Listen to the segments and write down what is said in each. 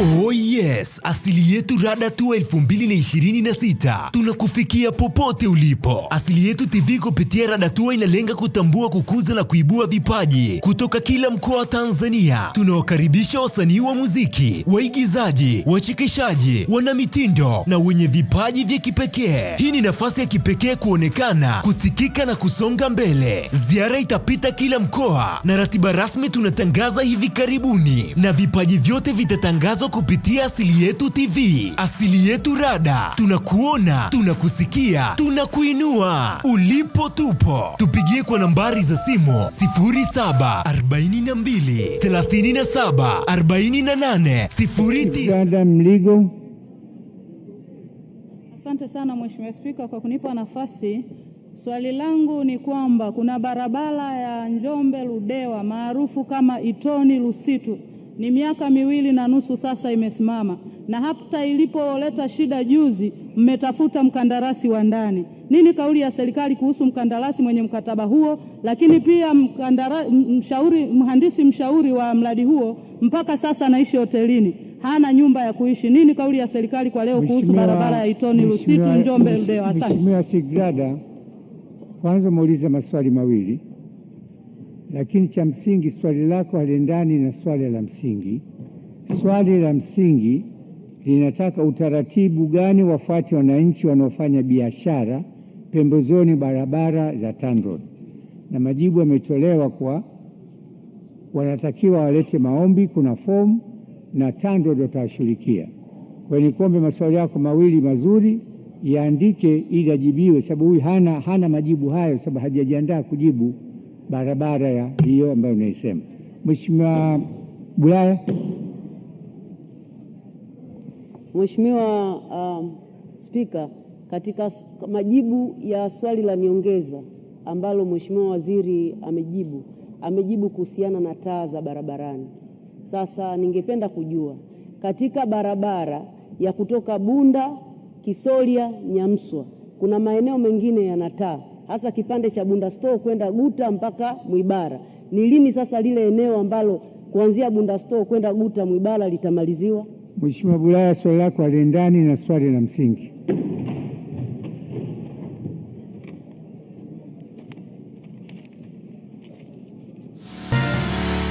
Oh yes, Asili Yetu Rada Tour 2026 tunakufikia popote ulipo. Asili Yetu TV kupitia Rada Tour inalenga kutambua, kukuza na kuibua vipaji kutoka kila mkoa wa Tanzania. Tunawakaribisha wasanii wa muziki, waigizaji, wachekeshaji, mitindo na wenye vipaji vya kipekee. Hii ni nafasi ya kipekee kuonekana, kusikika na kusonga mbele. Ziara itapita kila mkoa na ratiba rasmi tunatangaza hivi karibuni, na vipaji vyote vitatangazwa kupitia Asili Yetu TV. Asili Yetu Rada, tunakuona, tunakusikia, tunakuinua. Ulipo tupo, tupigie kwa nambari za simu 0742 37 48 Dada Mligo. Asante sana Mheshimiwa Spika kwa kunipa nafasi. Swali langu ni kwamba kuna barabara ya Njombe Ludewa maarufu kama Itoni Lusitu ni miaka miwili na nusu sasa imesimama, na hata ilipoleta shida juzi, mmetafuta mkandarasi wa ndani. Nini kauli ya serikali kuhusu mkandarasi mwenye mkataba huo? Lakini pia mshauri, mhandisi mshauri wa mradi huo mpaka sasa anaishi hotelini, hana nyumba ya kuishi. Nini kauli ya serikali kwa leo kuhusu barabara ya Itoni Lusitu Njombe Ludewa? Asante Mheshimiwa Sigrada, kwanza muulize maswali mawili lakini cha msingi swali lako haliendani na swali la msingi. Swali la msingi linataka utaratibu gani wafuate wananchi wanaofanya biashara pembezoni barabara za TANROADS, na majibu yametolewa kwa wanatakiwa walete maombi, kuna fomu na TANROADS watawashughulikia. Kwa hiyo nikuombe maswali yako mawili mazuri yaandike ili ajibiwe, sababu huyu hana, hana majibu hayo, sababu hajajiandaa kujibu barabara ya hiyo ambayo unaisema. Mheshimiwa Bulaya. Mheshimiwa uh, um, Spika, katika majibu ya swali la nyongeza ambalo Mheshimiwa Waziri amejibu amejibu kuhusiana na taa za barabarani. Sasa ningependa kujua katika barabara ya kutoka Bunda Kisolya Nyamswa kuna maeneo mengine yana taa hasa kipande cha Bunda Store kwenda Guta mpaka Mwibara. Ni lini sasa lile eneo ambalo kuanzia Bunda Store kwenda Guta Mwibara litamaliziwa? Mheshimiwa Bulaya, swali lako aliendani na swali la msingi.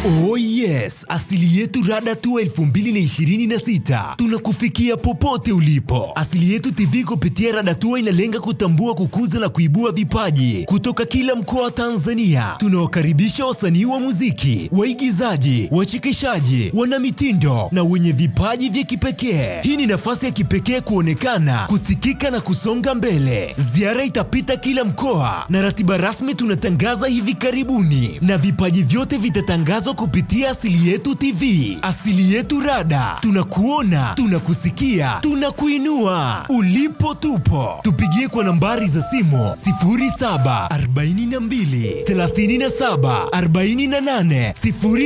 Oh yes, Asili Yetu Rada Tour 2026 tunakufikia popote ulipo. Asili Yetu TV kupitia Rada Tour inalenga kutambua, kukuza na kuibua vipaji kutoka kila mkoa wa Tanzania. Tunawakaribisha wasanii wa muziki, waigizaji, wachekeshaji, wanamitindo na wenye vipaji vya kipekee. Hii ni nafasi ya kipekee kuonekana, kusikika na kusonga mbele. Ziara itapita kila mkoa na ratiba rasmi tunatangaza hivi karibuni, na vipaji vyote vitatangazwa matangazo kupitia Asili Yetu TV, Asili Yetu Rada. Tunakuona, tunakusikia, tunakuinua. Ulipo tupo. Tupigie kwa nambari za simu 0742 37 48 0